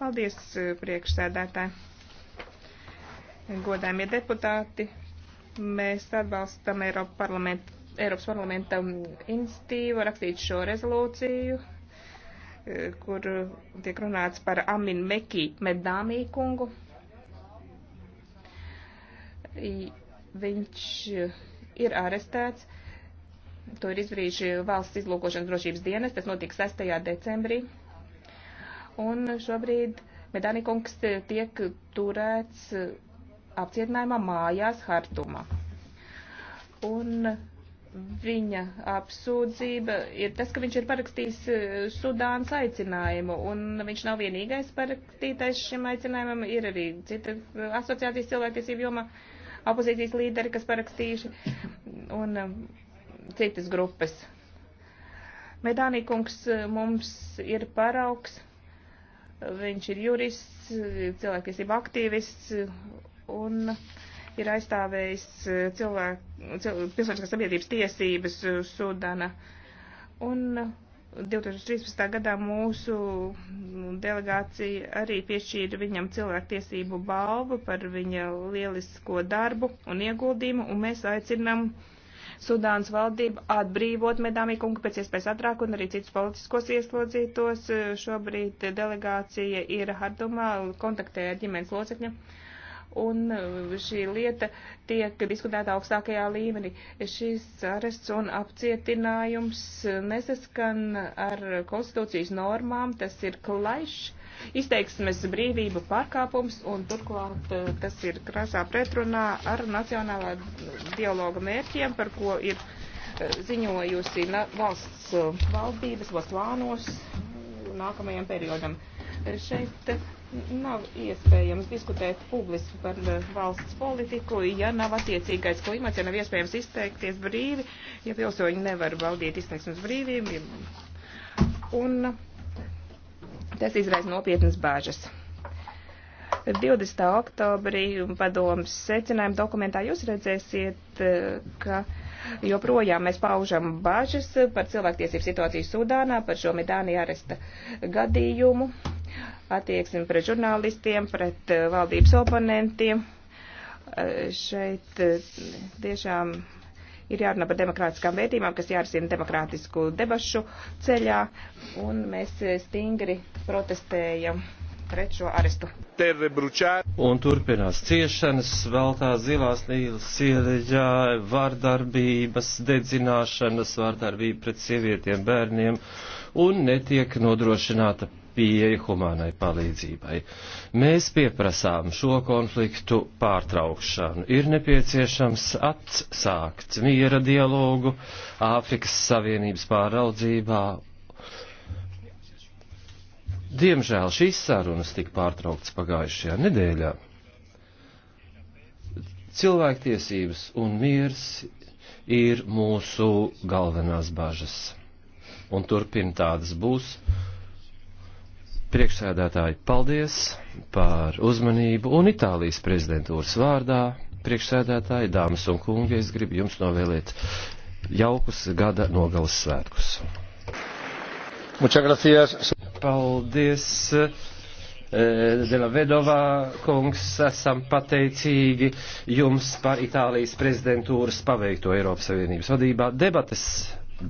Paldies, eh, priekšsēdētāji. Godāmie deputāti, mēs atbalstam Eiropa parlamenta, Eiropas parlamenta um, institīvu rakstīt šo rezolūciju, eh, kur tiek runāts par Amin Mekī Medāmī kungu. Viņš eh, ir arestēts. To ir izdarījuši valsts izlūkošanas drošības dienas. Tas notiek 6. decembrī un šobrīd Medānikungs tiek turēts eh, apcietinājumā mājās Hartumā. Un viņa apsūdzība ir tas, ka viņš ir parakstījis eh, Sudānas aicinājumu, un viņš nav vienīgais parakstītais šim aicinājumam, ir arī cita eh, asociācijas cilvēktiesību joma, opozīcijas līderi, kas parakstījuši, un citas grupas. Medānīkungs mums ir paraugs Viņš ir jurists, cilvēktiesība aktīvists un ir aizstāvējis e, cilvēku, cilvēku, pilsoniskās sabiedrības tiesības e, Sudana. Un 2013. gadā mūsu delegācija arī piešķīra viņam cilvēktiesību balvu par viņa lielisko darbu un ieguldījumu, un mēs aicinam uh, Sudānas valdība atbrīvot Medāmī kungu pēc iespējas atrāk un arī citus politiskos ieslodzītos. Šobrīd delegācija ir Hardumā, kontaktē ar ģimenes locekļiem un uh, šī lieta tiek diskutēta augstākajā līmenī. Šis arests un apcietinājums nesaskan ar konstitūcijas normām, tas ir klaišs, izteiksmes brīvība pārkāpums, un turklāt uh, tas ir krasā pretrunā ar nacionālā dialoga mērķiem, par ko ir uh, ziņojusi valsts valdības, valsts plānos nākamajam periodam Eh, šeit eh, nav iespējams diskutēt publiski par eh, valsts politiku, ja nav attiecīgais klimats, ja nav iespējams izteikties brīvi, ja pilsoņi nevar baudīt izteiksmes brīvību. Un tas izraisa nopietnas bāžas. 20. oktobrī padomas secinājuma dokumentā jūs redzēsiet, ka joprojām mēs paužam bažas par cilvēktiesību situāciju Sudānā, par šo Medāni aresta gadījumu attieksmi pret žurnālistiem, pret eh, valdības oponentiem. Eh, šeit eh, tiešām ir jārunā par demokrātiskām vērtībām, kas jārisina demokrātisku debašu ceļā, un mēs stingri protestējam pret šo arestu. Un turpinās ciešanas, veltā zilās nīlas ieleģā, vārdarbības, dedzināšanas, vārdarbība pret sievietiem, bērniem, un netiek nodrošināta pieeja humānai palīdzībai. Mēs pieprasām šo konfliktu pārtraukšanu. Ir nepieciešams atsākt miera dialogu Āfrikas Savienības pāraudzībā. Diemžēl šīs sarunas tika pārtrauktas pagājušajā nedēļā. Cilvēktiesības un miers ir mūsu galvenās bažas. Un turpin tādas būs Priekšsēdētāji, paldies par uzmanību un Itālijas prezidentūras vārdā. Priekšsēdētāji, dāmas un kungi, es gribu jums novēlēt jaukus gada nogalas svētkus. Paldies, eh, Dela Vedovā kungs, esam pateicīgi jums par Itālijas prezidentūras paveikto Eiropas Savienības vadībā. Debates